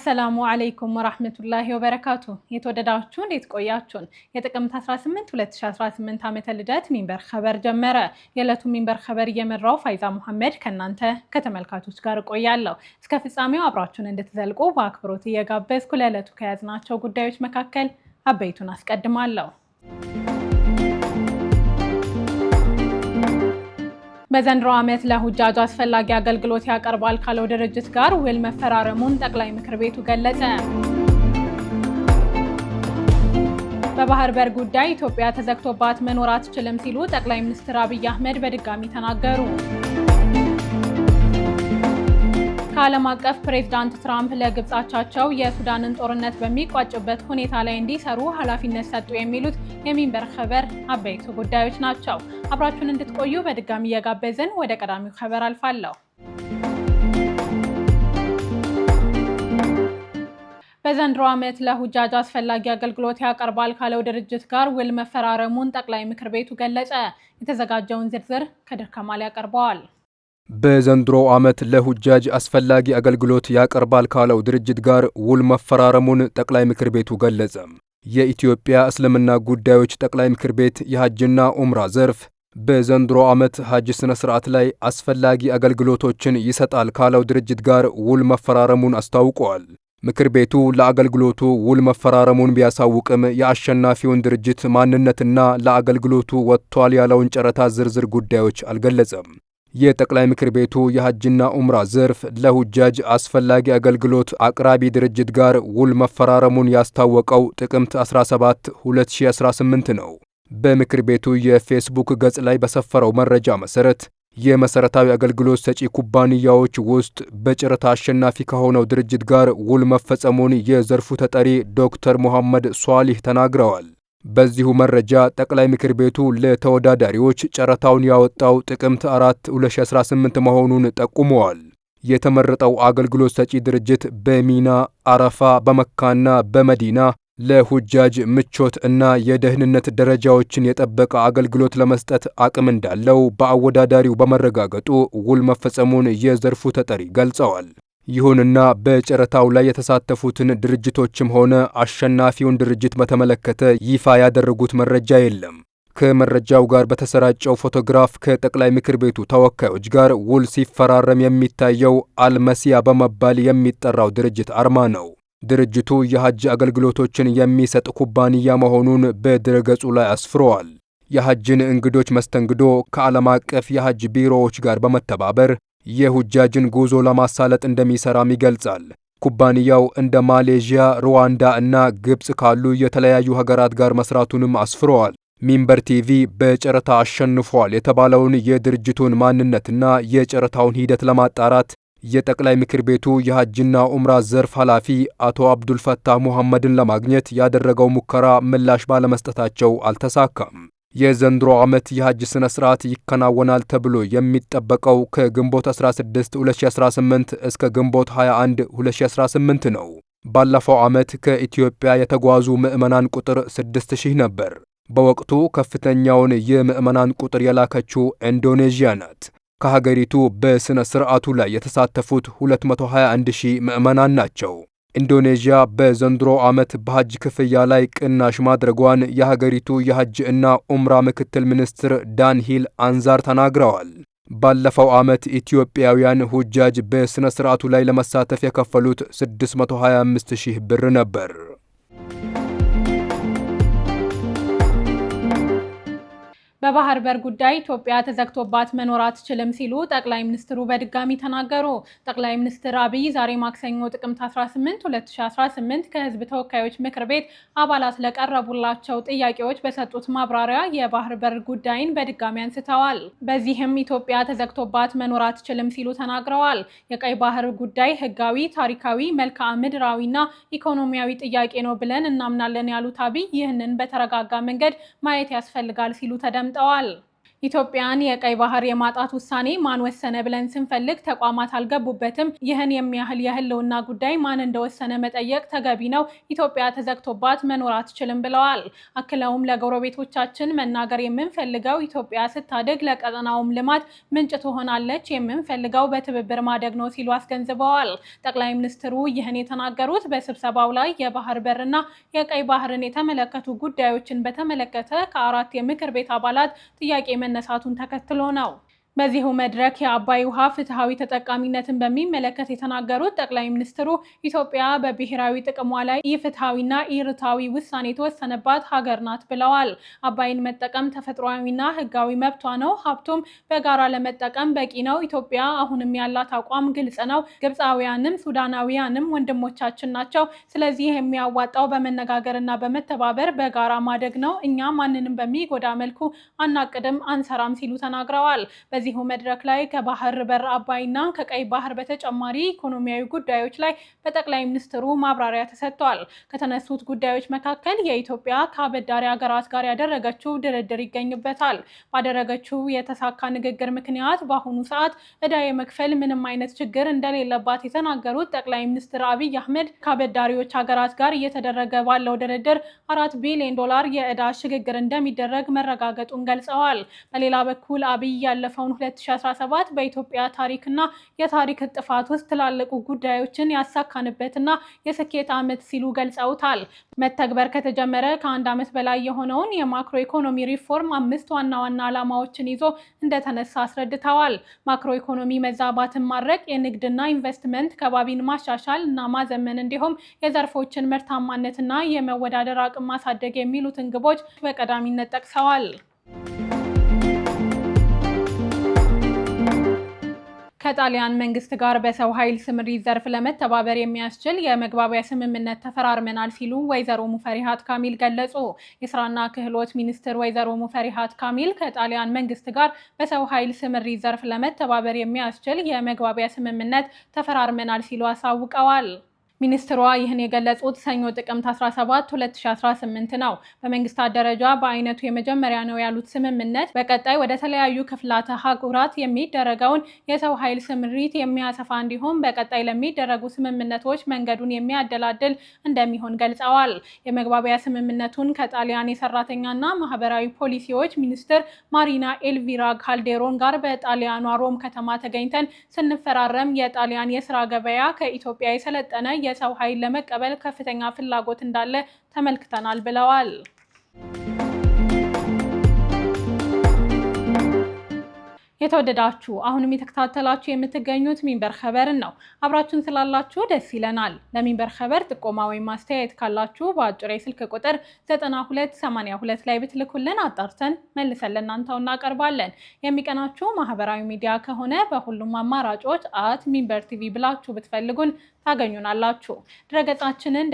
አሰላሙ አለይኩም ወራህመቱላሂ ወበረካቱ። የተወደዳችሁ እንዴት ቆያችሁን? የጥቅምት 18 2018 ዓመተ ልደት ሚንበር ኸበር ጀመረ። የዕለቱ ሚንበር ኸበር እየመራው ፋይዛ ሙሐመድ ከእናንተ ከተመልካቾች ጋር እቆያለሁ። እስከ ፍጻሜው አብራችሁን እንድትዘልቁ በአክብሮት እየጋበዝኩ ለዕለቱ ከያዝናቸው ጉዳዮች መካከል አበይቱን አስቀድማለሁ። በዘንድሮ ዓመት ለሁጃጁ አስፈላጊ አገልግሎት ያቀርባል ካለው ድርጅት ጋር ውል መፈራረሙን ጠቅላይ ምክር ቤቱ ገለጸ። በባህር በር ጉዳይ ኢትዮጵያ ተዘግቶባት መኖር አትችልም ሲሉ ጠቅላይ ሚኒስትር አብይ አህመድ በድጋሚ ተናገሩ። ዓለም አቀፍ ፕሬዝዳንት ትራምፕ ለግብጻቻቸው አቻቸው የሱዳንን ጦርነት በሚቋጭበት ሁኔታ ላይ እንዲሰሩ ኃላፊነት ሰጡ የሚሉት የሚንበር ኸበር አበይቱ ጉዳዮች ናቸው። አብራችሁን እንድትቆዩ በድጋሚ እየጋበዝን ወደ ቀዳሚው ኸበር አልፋለሁ። በዘንድሮ ዓመት ለሁጃጅ አስፈላጊ አገልግሎት ያቀርባል ካለው ድርጅት ጋር ውል መፈራረሙን ጠቅላይ ምክር ቤቱ ገለጸ። የተዘጋጀውን ዝርዝር ከድር ከማል ያቀርበዋል። በዘንድሮ ዓመት ለሁጃጅ አስፈላጊ አገልግሎት ያቀርባል ካለው ድርጅት ጋር ውል መፈራረሙን ጠቅላይ ምክር ቤቱ ገለጸ። የኢትዮጵያ እስልምና ጉዳዮች ጠቅላይ ምክር ቤት የሐጅና ኡምራ ዘርፍ በዘንድሮ ዓመት ሐጅ ሥነ ሥርዓት ላይ አስፈላጊ አገልግሎቶችን ይሰጣል ካለው ድርጅት ጋር ውል መፈራረሙን አስታውቀዋል። ምክር ቤቱ ለአገልግሎቱ ውል መፈራረሙን ቢያሳውቅም የአሸናፊውን ድርጅት ማንነትና ለአገልግሎቱ ወጥቷል ያለውን ጨረታ ዝርዝር ጉዳዮች አልገለጸም። የጠቅላይ ምክር ቤቱ የሐጅና ኡምራ ዘርፍ ለሁጃጅ አስፈላጊ አገልግሎት አቅራቢ ድርጅት ጋር ውል መፈራረሙን ያስታወቀው ጥቅምት 17 2018 ነው። በምክር ቤቱ የፌስቡክ ገጽ ላይ በሰፈረው መረጃ መሠረት የመሠረታዊ አገልግሎት ሰጪ ኩባንያዎች ውስጥ በጨረታ አሸናፊ ከሆነው ድርጅት ጋር ውል መፈጸሙን የዘርፉ ተጠሪ ዶክተር ሙሐመድ ሷሊህ ተናግረዋል። በዚሁ መረጃ ጠቅላይ ምክር ቤቱ ለተወዳዳሪዎች ጨረታውን ያወጣው ጥቅምት 4 2018 መሆኑን ጠቁመዋል። የተመረጠው አገልግሎት ሰጪ ድርጅት በሚና አረፋ፣ በመካና በመዲና ለሁጃጅ ምቾት እና የደህንነት ደረጃዎችን የጠበቀ አገልግሎት ለመስጠት አቅም እንዳለው በአወዳዳሪው በመረጋገጡ ውል መፈጸሙን የዘርፉ ተጠሪ ገልጸዋል። ይሁንና በጨረታው ላይ የተሳተፉትን ድርጅቶችም ሆነ አሸናፊውን ድርጅት በተመለከተ ይፋ ያደረጉት መረጃ የለም። ከመረጃው ጋር በተሰራጨው ፎቶግራፍ ከጠቅላይ ምክር ቤቱ ተወካዮች ጋር ውል ሲፈራረም የሚታየው አልመሲያ በመባል የሚጠራው ድርጅት አርማ ነው። ድርጅቱ የሐጅ አገልግሎቶችን የሚሰጥ ኩባንያ መሆኑን በድረገጹ ላይ አስፍረዋል። የሐጅን እንግዶች መስተንግዶ ከዓለም አቀፍ የሐጅ ቢሮዎች ጋር በመተባበር የሁጃጅን ጉዞ ለማሳለጥ እንደሚሰራም ይገልጻል። ኩባንያው እንደ ማሌዥያ፣ ሩዋንዳ እና ግብፅ ካሉ የተለያዩ ሀገራት ጋር መስራቱንም አስፍረዋል። ሚንበር ቲቪ በጨረታ አሸንፏል የተባለውን የድርጅቱን ማንነትና የጨረታውን ሂደት ለማጣራት የጠቅላይ ምክር ቤቱ የሐጅና ኡምራ ዘርፍ ኃላፊ አቶ አብዱልፈታህ ሙሐመድን ለማግኘት ያደረገው ሙከራ ምላሽ ባለመስጠታቸው አልተሳካም። የዘንድሮ ዓመት የሐጅ ሥነ ሥርዓት ይከናወናል ተብሎ የሚጠበቀው ከግንቦት 16 2018 እስከ ግንቦት 21 2018 ነው። ባለፈው ዓመት ከኢትዮጵያ የተጓዙ ምዕመናን ቁጥር 6000 ነበር። በወቅቱ ከፍተኛውን የምዕመናን ቁጥር የላከችው ኢንዶኔዥያ ናት። ከሀገሪቱ በሥነ ሥርዓቱ ላይ የተሳተፉት 221000 ምዕመናን ናቸው። ኢንዶኔዥያ በዘንድሮ ዓመት በሐጅ ክፍያ ላይ ቅናሽ ማድረጓን የሀገሪቱ የሐጅ እና ኡምራ ምክትል ሚኒስትር ዳንሂል አንዛር ተናግረዋል። ባለፈው ዓመት ኢትዮጵያውያን ሁጃጅ በሥነ ሥርዓቱ ላይ ለመሳተፍ የከፈሉት 625 ሺህ ብር ነበር። በባህር በር ጉዳይ ኢትዮጵያ ተዘግቶባት መኖር አትችልም ሲሉ ጠቅላይ ሚኒስትሩ በድጋሚ ተናገሩ። ጠቅላይ ሚኒስትር አብይ ዛሬ ማክሰኞ ጥቅምት 18 2018 ከህዝብ ተወካዮች ምክር ቤት አባላት ለቀረቡላቸው ጥያቄዎች በሰጡት ማብራሪያ የባህር በር ጉዳይን በድጋሚ አንስተዋል። በዚህም ኢትዮጵያ ተዘግቶባት መኖር አትችልም ሲሉ ተናግረዋል። የቀይ ባህር ጉዳይ ህጋዊ፣ ታሪካዊ፣ መልክዓ ምድራዊና ኢኮኖሚያዊ ጥያቄ ነው ብለን እናምናለን ያሉት አብይ ይህንን በተረጋጋ መንገድ ማየት ያስፈልጋል ሲሉ ተደምጠዋል። all ኢትዮጵያን የቀይ ባህር የማጣት ውሳኔ ማን ወሰነ ብለን ስንፈልግ ተቋማት አልገቡበትም። ይህን የሚያህል የህልውና ጉዳይ ማን እንደወሰነ መጠየቅ ተገቢ ነው። ኢትዮጵያ ተዘግቶባት መኖር አትችልም ብለዋል። አክለውም ለጎረቤቶቻችን መናገር የምንፈልገው ኢትዮጵያ ስታድግ ለቀጠናውም ልማት ምንጭ ትሆናለች፣ የምንፈልገው በትብብር ማደግ ነው ሲሉ አስገንዝበዋል። ጠቅላይ ሚኒስትሩ ይህን የተናገሩት በስብሰባው ላይ የባህር በርና የቀይ ባህርን የተመለከቱ ጉዳዮችን በተመለከተ ከአራት የምክር ቤት አባላት ጥያቄ መነሳቱን ተከትሎ ነው። በዚሁ መድረክ የአባይ ውሃ ፍትሐዊ ተጠቃሚነትን በሚመለከት የተናገሩት ጠቅላይ ሚኒስትሩ ኢትዮጵያ በብሔራዊ ጥቅሟ ላይ ኢፍትሐዊና ኢርታዊ ውሳኔ የተወሰነባት ሀገር ናት ብለዋል። አባይን መጠቀም ተፈጥሯዊና ሕጋዊ መብቷ ነው፣ ሀብቱም በጋራ ለመጠቀም በቂ ነው። ኢትዮጵያ አሁንም ያላት አቋም ግልጽ ነው። ግብፃውያንም ሱዳናውያንም ወንድሞቻችን ናቸው። ስለዚህ የሚያዋጣው በመነጋገርና በመተባበር በጋራ ማደግ ነው። እኛ ማንንም በሚጎዳ መልኩ አናቅድም፣ አንሰራም ሲሉ ተናግረዋል። በዚሁ መድረክ ላይ ከባህር በር አባይና ከቀይ ባህር በተጨማሪ ኢኮኖሚያዊ ጉዳዮች ላይ በጠቅላይ ሚኒስትሩ ማብራሪያ ተሰጥቷል። ከተነሱት ጉዳዮች መካከል የኢትዮጵያ ከአበዳሪ ሀገራት ጋር ያደረገችው ድርድር ይገኝበታል። ባደረገችው የተሳካ ንግግር ምክንያት በአሁኑ ሰዓት እዳ የመክፈል ምንም አይነት ችግር እንደሌለባት የተናገሩት ጠቅላይ ሚኒስትር አብይ አህመድ ከአበዳሪዎች ሀገራት ጋር እየተደረገ ባለው ድርድር አራት ቢሊዮን ዶላር የእዳ ሽግግር እንደሚደረግ መረጋገጡን ገልጸዋል። በሌላ በኩል አብይ ያለፈው አሁን 2017 በኢትዮጵያ ታሪክና የታሪክ ጥፋት ውስጥ ትላልቁ ጉዳዮችን ያሳካንበትና የስኬት ዓመት ሲሉ ገልጸውታል። መተግበር ከተጀመረ ከአንድ ዓመት በላይ የሆነውን የማክሮ ኢኮኖሚ ሪፎርም አምስት ዋና ዋና ዓላማዎችን ይዞ እንደተነሳ አስረድተዋል። ማክሮ ኢኮኖሚ መዛባትን ማድረቅ፣ የንግድና ኢንቨስትመንት ከባቢን ማሻሻል እና ማዘመን እንዲሁም የዘርፎችን ምርታማነትና የመወዳደር አቅም ማሳደግ የሚሉትን ግቦች በቀዳሚነት ጠቅሰዋል። ከጣሊያን መንግስት ጋር በሰው ኃይል ስምሪት ዘርፍ ለመተባበር የሚያስችል የመግባቢያ ስምምነት ተፈራርመናል ሲሉ ወይዘሮ ሙፈሪሃት ካሚል ገለጹ። የስራና ክህሎት ሚኒስትር ወይዘሮ ሙፈሪሃት ካሚል ከጣሊያን መንግስት ጋር በሰው ኃይል ስምሪት ዘርፍ ለመተባበር የሚያስችል የመግባቢያ ስምምነት ተፈራርመናል ሲሉ አሳውቀዋል። ሚኒስትሯ ይህን የገለጹት ሰኞ ጥቅምት 17 2018 ነው። በመንግስታት ደረጃ በአይነቱ የመጀመሪያ ነው ያሉት ስምምነት በቀጣይ ወደ ተለያዩ ክፍላተ ሀገራት የሚደረገውን የሰው ኃይል ስምሪት የሚያሰፋ እንዲሁም በቀጣይ ለሚደረጉ ስምምነቶች መንገዱን የሚያደላድል እንደሚሆን ገልጸዋል። የመግባቢያ ስምምነቱን ከጣሊያን የሰራተኛና ማህበራዊ ፖሊሲዎች ሚኒስትር ማሪና ኤልቪራ ካልዴሮን ጋር በጣሊያኗ ሮም ከተማ ተገኝተን ስንፈራረም የጣሊያን የስራ ገበያ ከኢትዮጵያ የሰለጠነ የሰው ኃይል ለመቀበል ከፍተኛ ፍላጎት እንዳለ ተመልክተናል ብለዋል። የተወደዳችሁ አሁንም የተከታተላችሁ የምትገኙት ሚንበር ኸበርን ነው። አብራችሁን ስላላችሁ ደስ ይለናል። ለሚንበር ኸበር ጥቆማ ወይም ማስተያየት ካላችሁ በአጭር የስልክ ቁጥር 9282 ላይ ብትልኩልን አጣርተን መልሰን ለእናንተው እናቀርባለን። የሚቀናችሁ ማህበራዊ ሚዲያ ከሆነ በሁሉም አማራጮች አት ሚንበር ቲቪ ብላችሁ ብትፈልጉን ታገኙናላችሁ። ድረገጻችንን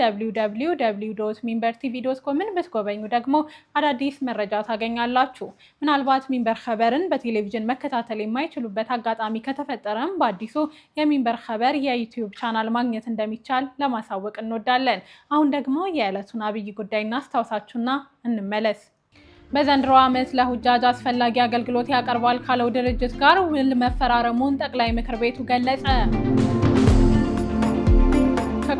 ሚንበር ቲቪ ዶት ኮምን ብትጎበኙ ደግሞ አዳዲስ መረጃ ታገኛላችሁ። ምናልባት ሚንበር ኸበርን በቴሌቪዥን መከታተል የማይችሉበት አጋጣሚ ከተፈጠረም በአዲሱ የሚንበር ኸበር የዩትዩብ ቻናል ማግኘት እንደሚቻል ለማሳወቅ እንወዳለን። አሁን ደግሞ የዕለቱን አብይ ጉዳይ እናስታውሳችሁና እንመለስ። በዘንድሮ ዓመት ለሁጃጅ አስፈላጊ አገልግሎት ያቀርባል ካለው ድርጅት ጋር ውል መፈራረሙን ጠቅላይ ምክር ቤቱ ገለጸ።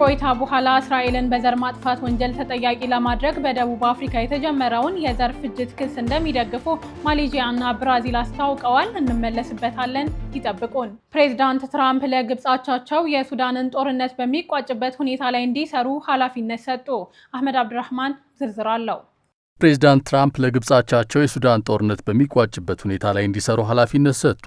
ቆይታ በኋላ እስራኤልን በዘር ማጥፋት ወንጀል ተጠያቂ ለማድረግ በደቡብ አፍሪካ የተጀመረውን የዘር ፍጅት ክስ እንደሚደግፉ ማሌዥያ እና ብራዚል አስታውቀዋል። እንመለስበታለን፣ ይጠብቁን። ፕሬዚዳንት ትራምፕ ለግብጻቻቸው የሱዳንን ጦርነት በሚቋጭበት ሁኔታ ላይ እንዲሰሩ ኃላፊነት ሰጡ። አህመድ አብድራህማን ዝርዝር አለው። ፕሬዚዳንት ትራምፕ ለግብጻቻቸው የሱዳን ጦርነት በሚቋጭበት ሁኔታ ላይ እንዲሰሩ ኃላፊነት ሰጡ።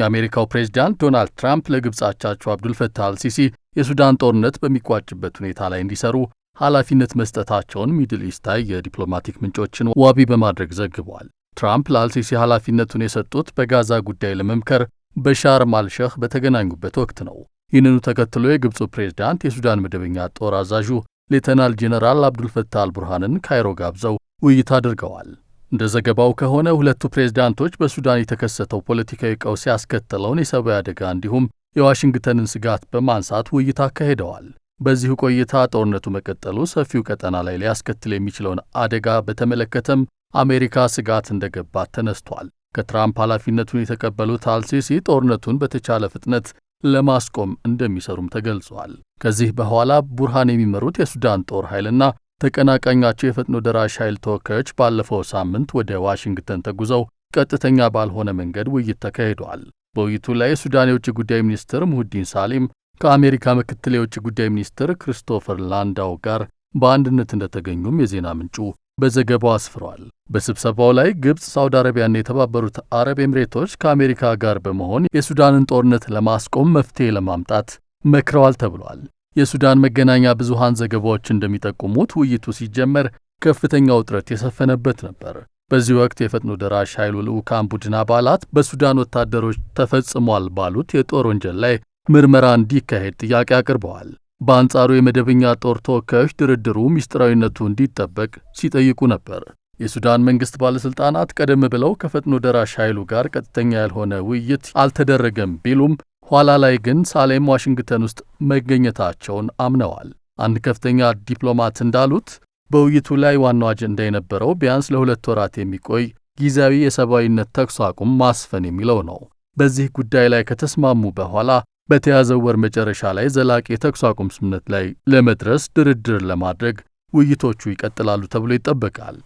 የአሜሪካው ፕሬዝዳንት ዶናልድ ትራምፕ ለግብፅ አቻቸው አብዱልፈታህ አልሲሲ የሱዳን ጦርነት በሚቋጭበት ሁኔታ ላይ እንዲሰሩ ኃላፊነት መስጠታቸውን ሚድል ኢስታይ የዲፕሎማቲክ ምንጮችን ዋቢ በማድረግ ዘግቧል። ትራምፕ ለአልሲሲ ኃላፊነቱን የሰጡት በጋዛ ጉዳይ ለመምከር በሻርም አልሸህ በተገናኙበት ወቅት ነው። ይህንኑ ተከትሎ የግብፁ ፕሬዝዳንት የሱዳን መደበኛ ጦር አዛዡ ሌተናል ጄኔራል አብዱልፈታህ አልቡርሃንን ካይሮ ጋብዘው ውይይት አድርገዋል። እንደ ዘገባው ከሆነ ሁለቱ ፕሬዝዳንቶች በሱዳን የተከሰተው ፖለቲካዊ ቀውስ ያስከተለውን የሰብዊ አደጋ እንዲሁም የዋሽንግተንን ስጋት በማንሳት ውይይት አካሂደዋል። በዚሁ ቆይታ ጦርነቱ መቀጠሉ ሰፊው ቀጠና ላይ ሊያስከትል የሚችለውን አደጋ በተመለከተም አሜሪካ ስጋት እንደገባት ተነስቷል። ከትራምፕ ኃላፊነቱን የተቀበሉት አልሲሲ ጦርነቱን በተቻለ ፍጥነት ለማስቆም እንደሚሰሩም ተገልጿል። ከዚህ በኋላ ቡርሃን የሚመሩት የሱዳን ጦር ኃይልና ተቀናቃኛቸው የፈጥኖ ደራሽ ኃይል ተወካዮች ባለፈው ሳምንት ወደ ዋሽንግተን ተጉዘው ቀጥተኛ ባልሆነ መንገድ ውይይት ተካሂዷል። በውይይቱ ላይ የሱዳን የውጭ ጉዳይ ሚኒስትር ሙሁዲን ሳሊም ከአሜሪካ ምክትል የውጭ ጉዳይ ሚኒስትር ክሪስቶፈር ላንዳው ጋር በአንድነት እንደተገኙም የዜና ምንጩ በዘገባው አስፍሯል። በስብሰባው ላይ ግብፅ፣ ሳውዲ አረቢያና የተባበሩት አረብ ኤምሬቶች ከአሜሪካ ጋር በመሆን የሱዳንን ጦርነት ለማስቆም መፍትሄ ለማምጣት መክረዋል ተብሏል። የሱዳን መገናኛ ብዙሃን ዘገባዎች እንደሚጠቁሙት ውይይቱ ሲጀመር ከፍተኛ ውጥረት የሰፈነበት ነበር። በዚህ ወቅት የፈጥኖ ደራሽ ኃይሉ ልዑካን ቡድን አባላት በሱዳን ወታደሮች ተፈጽሟል ባሉት የጦር ወንጀል ላይ ምርመራ እንዲካሄድ ጥያቄ አቅርበዋል። በአንጻሩ የመደበኛ ጦር ተወካዮች ድርድሩ ምስጢራዊነቱ እንዲጠበቅ ሲጠይቁ ነበር። የሱዳን መንግሥት ባለሥልጣናት ቀደም ብለው ከፈጥኖ ደራሽ ኃይሉ ጋር ቀጥተኛ ያልሆነ ውይይት አልተደረገም ቢሉም ኋላ ላይ ግን ሳሌም ዋሽንግተን ውስጥ መገኘታቸውን አምነዋል። አንድ ከፍተኛ ዲፕሎማት እንዳሉት በውይይቱ ላይ ዋናው አጀንዳ የነበረው ቢያንስ ለሁለት ወራት የሚቆይ ጊዜያዊ የሰብአዊነት ተኩስ አቁም ማስፈን የሚለው ነው። በዚህ ጉዳይ ላይ ከተስማሙ በኋላ በተያዘው ወር መጨረሻ ላይ ዘላቂ የተኩስ አቁም ስምምነት ላይ ለመድረስ ድርድር ለማድረግ ውይይቶቹ ይቀጥላሉ ተብሎ ይጠበቃል።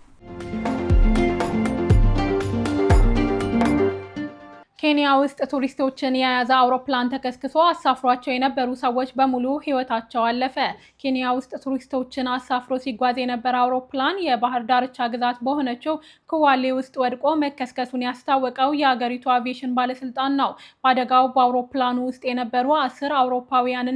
ኬንያ ውስጥ ቱሪስቶችን የያዘ አውሮፕላን ተከስክሶ አሳፍሯቸው የነበሩ ሰዎች በሙሉ ሕይወታቸው አለፈ። ኬንያ ውስጥ ቱሪስቶችን አሳፍሮ ሲጓዝ የነበረ አውሮፕላን የባህር ዳርቻ ግዛት በሆነችው ክዋሌ ውስጥ ወድቆ መከስከሱን ያስታወቀው የአገሪቱ አቪዬሽን ባለስልጣን ነው። በአደጋው በአውሮፕላኑ ውስጥ የነበሩ አስር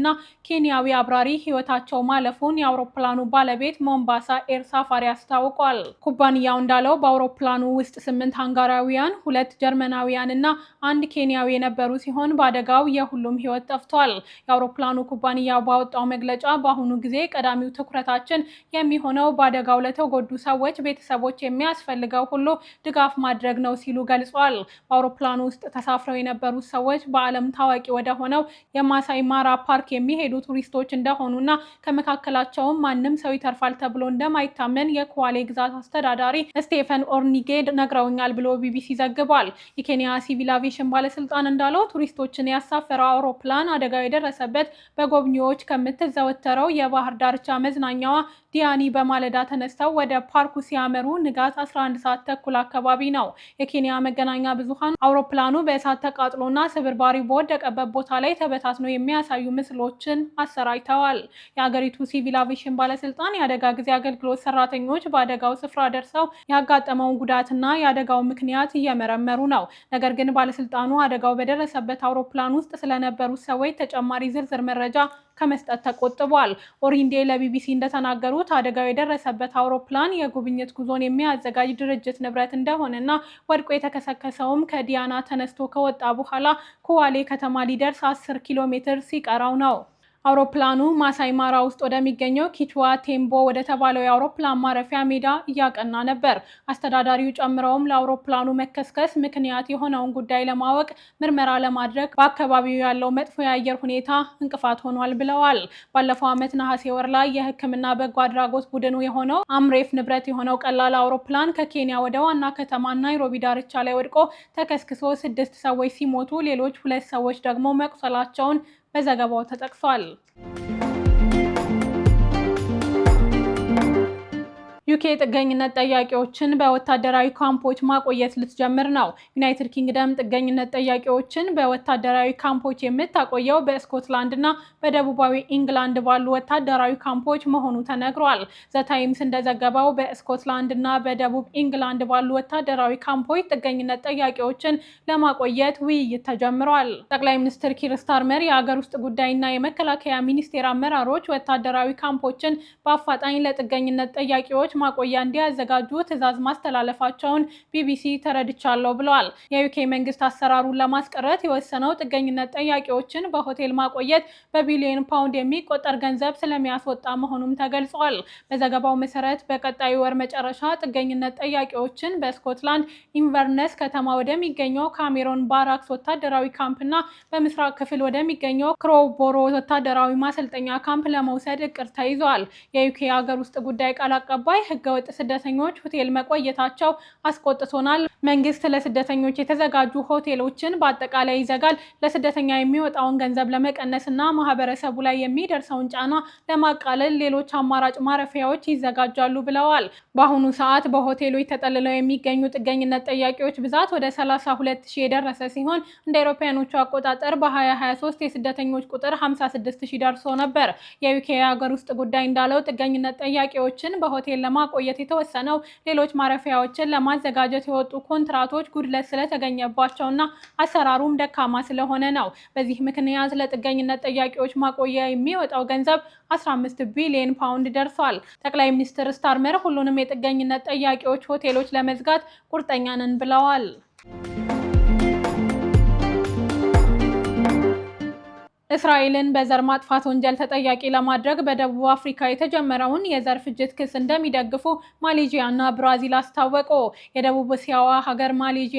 ና ኬንያዊ አብራሪ ሕይወታቸው ማለፉን የአውሮፕላኑ ባለቤት ሞምባሳ ኤር ሳፋሪ አስታውቋል። ኩባንያው እንዳለው በአውሮፕላኑ ውስጥ ስምንት ሃንጋራውያን፣ ሁለት ጀርመናውያን እና አንድ ኬንያዊ የነበሩ ሲሆን በአደጋው የሁሉም ሕይወት ጠፍቷል። የአውሮፕላኑ ኩባንያ ባወጣው መግለጫ በአሁኑ ጊዜ ቀዳሚው ትኩረታችን የሚሆነው በአደጋው ለተጎዱ ሰዎች ቤተሰቦች የሚያስፈልገው ሁሉ ድጋፍ ማድረግ ነው ሲሉ ገልጿል። በአውሮፕላኑ ውስጥ ተሳፍረው የነበሩ ሰዎች በዓለም ታዋቂ ወደ ሆነው የማሳይ ማራ ፓርክ የሚሄዱ ቱሪስቶች እንደሆኑና ከመካከላቸውም ማንም ሰው ይተርፋል ተብሎ እንደማይታመን የኮዋሌ ግዛት አስተዳዳሪ ስቴፈን ኦርኒጌድ ነግረውኛል ብሎ ቢቢሲ ዘግቧል። የኬንያ ሲቪል አቪዬሽን ባለስልጣን እንዳለው ቱሪስቶችን ያሳፈረው አውሮፕላን አደጋው የደረሰበት በጎብኚዎች ከምትዘወተረው የባህር ዳርቻ መዝናኛዋ ዲያኒ በማለዳ ተነስተው ወደ ፓርኩ ሲያመሩ ንጋት 11 ሰዓት ተኩል አካባቢ ነው። የኬንያ መገናኛ ብዙሃን አውሮፕላኑ በእሳት ተቃጥሎና ስብርባሪ በወደቀበት ቦታ ላይ ተበታትኖ የሚያሳዩ ምስሎችን አሰራጭተዋል። የአገሪቱ ሲቪል አቪዬሽን ባለስልጣን የአደጋ ጊዜ አገልግሎት ሰራተኞች በአደጋው ስፍራ ደርሰው ያጋጠመውን ጉዳትና የአደጋው ምክንያት እየመረመሩ ነው። ነገር ግን ባለስልጣ ባለስልጣኑ አደጋው በደረሰበት አውሮፕላን ውስጥ ስለነበሩ ሰዎች ተጨማሪ ዝርዝር መረጃ ከመስጠት ተቆጥቧል። ኦሪንዴ ለቢቢሲ እንደተናገሩት አደጋው የደረሰበት አውሮፕላን የጉብኝት ጉዞን የሚያዘጋጅ ድርጅት ንብረት እንደሆነና ወድቆ የተከሰከሰውም ከዲያና ተነስቶ ከወጣ በኋላ ኩዋሌ ከተማ ሊደርስ 10 ኪሎ ሜትር ሲቀራው ነው። አውሮፕላኑ ማሳይ ማራ ውስጥ ወደሚገኘው ኪችዋ ቴምቦ ወደተባለው የአውሮፕላን ማረፊያ ሜዳ እያቀና ነበር። አስተዳዳሪው ጨምረውም ለአውሮፕላኑ መከስከስ ምክንያት የሆነውን ጉዳይ ለማወቅ ምርመራ ለማድረግ በአካባቢው ያለው መጥፎ የአየር ሁኔታ እንቅፋት ሆኗል ብለዋል። ባለፈው ዓመት ነሐሴ ወር ላይ የሕክምና በጎ አድራጎት ቡድኑ የሆነው አምሬፍ ንብረት የሆነው ቀላል አውሮፕላን ከኬንያ ወደ ዋና ከተማ ናይሮቢ ዳርቻ ላይ ወድቆ ተከስክሶ ስድስት ሰዎች ሲሞቱ ሌሎች ሁለት ሰዎች ደግሞ መቁሰላቸውን በዘገባው ተጠቅሷል። ዩኬ ጥገኝነት ጠያቂዎችን በወታደራዊ ካምፖች ማቆየት ልትጀምር ነው። ዩናይትድ ኪንግደም ጥገኝነት ጠያቂዎችን በወታደራዊ ካምፖች የምታቆየው በስኮትላንድና በደቡባዊ ኢንግላንድ ባሉ ወታደራዊ ካምፖች መሆኑ ተነግሯል። ዘታይምስ እንደዘገበው እና በደቡብ ኢንግላንድ ባሉ ወታደራዊ ካምፖች ጥገኝነት ጠያቂዎችን ለማቆየት ውይይት ተጀምሯል። ጠቅላይ ሚኒስትር ኪር ስታርመር፣ የአገር ውስጥ ጉዳይና የመከላከያ ሚኒስቴር አመራሮች ወታደራዊ ካምፖችን በአፋጣኝ ለጥገኝነት ጠያቂዎች ሰዎች ማቆያ እንዲያዘጋጁ ትዕዛዝ ማስተላለፋቸውን ቢቢሲ ተረድቻለሁ ብለዋል። የዩኬ መንግስት አሰራሩን ለማስቀረት የወሰነው ጥገኝነት ጠያቂዎችን በሆቴል ማቆየት በቢሊዮን ፓውንድ የሚቆጠር ገንዘብ ስለሚያስወጣ መሆኑም ተገልጿል። በዘገባው መሰረት በቀጣዩ ወር መጨረሻ ጥገኝነት ጠያቂዎችን በስኮትላንድ ኢንቨርነስ ከተማ ወደሚገኘው ካሜሮን ባራክስ ወታደራዊ ካምፕ እና በምስራቅ ክፍል ወደሚገኘው ክሮቦሮ ወታደራዊ ማሰልጠኛ ካምፕ ለመውሰድ እቅድ ተይዘዋል። የዩኬ ሀገር ውስጥ ጉዳይ ቃል አቀባይ ህገወጥ ስደተኞች ሆቴል መቆየታቸው አስቆጥቶናል። መንግስት ለስደተኞች የተዘጋጁ ሆቴሎችን በአጠቃላይ ይዘጋል። ለስደተኛ የሚወጣውን ገንዘብ ለመቀነስ እና ማህበረሰቡ ላይ የሚደርሰውን ጫና ለማቃለል ሌሎች አማራጭ ማረፊያዎች ይዘጋጃሉ ብለዋል። በአሁኑ ሰዓት በሆቴሎች ተጠልለው የሚገኙ ጥገኝነት ጠያቂዎች ብዛት ወደ 32 ሺህ የደረሰ ሲሆን እንደ አውሮፓውያኖቹ አቆጣጠር በ2023 የስደተኞች ቁጥር 56 ሺህ ደርሶ ነበር። የዩኬ የሀገር ውስጥ ጉዳይ እንዳለው ጥገኝነት ጠያቂዎችን በሆቴል ለማቆየት የተወሰነው ሌሎች ማረፊያዎችን ለማዘጋጀት የወጡ ኮንትራቶች ጉድለት ስለተገኘባቸውና አሰራሩም ደካማ ስለሆነ ነው። በዚህ ምክንያት ለጥገኝነት ጠያቂዎች ማቆያ የሚወጣው ገንዘብ 15 ቢሊዮን ፓውንድ ደርሷል። ጠቅላይ ሚኒስትር ስታርመር ሁሉንም የጥገኝነት ጠያቂዎች ሆቴሎች ለመዝጋት ቁርጠኛ ነን ብለዋል። እስራኤልን በዘር ማጥፋት ወንጀል ተጠያቂ ለማድረግ በደቡብ አፍሪካ የተጀመረውን የዘር ፍጅት ክስ እንደሚደግፉ ማሌዥያ ብራዚል አስታወቁ። የደቡብ እስያዋ ሀገር ማሌዥያ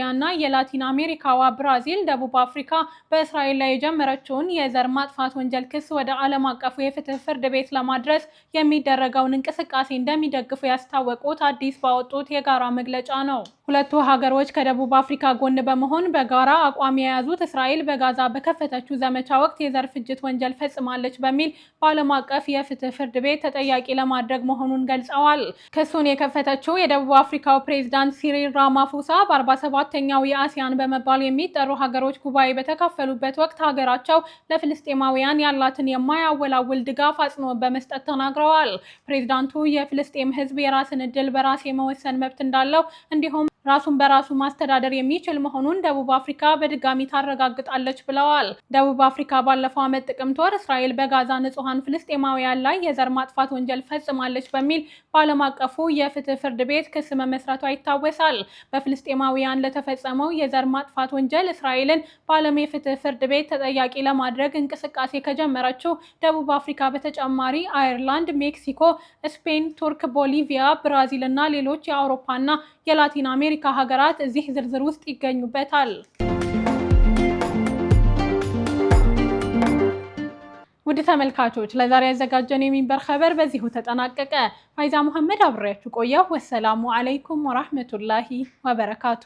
የላቲን አሜሪካዋ ብራዚል ደቡብ አፍሪካ በእስራኤል ላይ የጀመረችውን የዘር ማጥፋት ወንጀል ክስ ወደ ዓለም አቀፉ የፍትህ ፍርድ ቤት ለማድረስ የሚደረገውን እንቅስቃሴ እንደሚደግፉ ያስታወቁት አዲስ ባወጡት የጋራ መግለጫ ነው። ሁለቱ ሀገሮች ከደቡብ አፍሪካ ጎን በመሆን በጋራ አቋም የያዙት እስራኤል በጋዛ በከፈተችው ዘመቻ ወቅት የዘር ፍጅት ወንጀል ፈጽማለች በሚል በዓለም አቀፍ የፍትህ ፍርድ ቤት ተጠያቂ ለማድረግ መሆኑን ገልጸዋል። ክሱን የከፈተችው የደቡብ አፍሪካው ፕሬዝዳንት ሲሪል ራማፎሳ በ47ኛው የአሲያን በመባል የሚጠሩ ሀገሮች ጉባኤ በተካፈሉበት ወቅት ሀገራቸው ለፍልስጤማውያን ያላትን የማያወላውል ድጋፍ አጽንኦት በመስጠት ተናግረዋል። ፕሬዚዳንቱ የፍልስጤም ሕዝብ የራስን ዕድል በራስ የመወሰን መብት እንዳለው እንዲሁም ራሱን በራሱ ማስተዳደር የሚችል መሆኑን ደቡብ አፍሪካ በድጋሚ ታረጋግጣለች ብለዋል። ደቡብ አፍሪካ ባለፈው ዓመት ጥቅምት ወር እስራኤል በጋዛ ንጹሐን ፍልስጤማውያን ላይ የዘር ማጥፋት ወንጀል ፈጽማለች በሚል በዓለም አቀፉ የፍትህ ፍርድ ቤት ክስ መመስረቷ ይታወሳል። በፍልስጤማውያን ለተፈጸመው የዘር ማጥፋት ወንጀል እስራኤልን በዓለም የፍትህ ፍርድ ቤት ተጠያቂ ለማድረግ እንቅስቃሴ ከጀመረችው ደቡብ አፍሪካ በተጨማሪ አየርላንድ፣ ሜክሲኮ፣ ስፔን፣ ቱርክ፣ ቦሊቪያ፣ ብራዚል እና ሌሎች የአውሮፓና የላቲን አሜሪካ የአፍሪካ ሀገራት እዚህ ዝርዝር ውስጥ ይገኙበታል። ውድ ተመልካቾች ለዛሬ ያዘጋጀን የሚንበር ኸበር በዚሁ ተጠናቀቀ። ፋይዛ መሐመድ አብሬያችሁ ቆየሁ። ወሰላሙ አለይኩም ወራህመቱላሂ ወበረካቱ።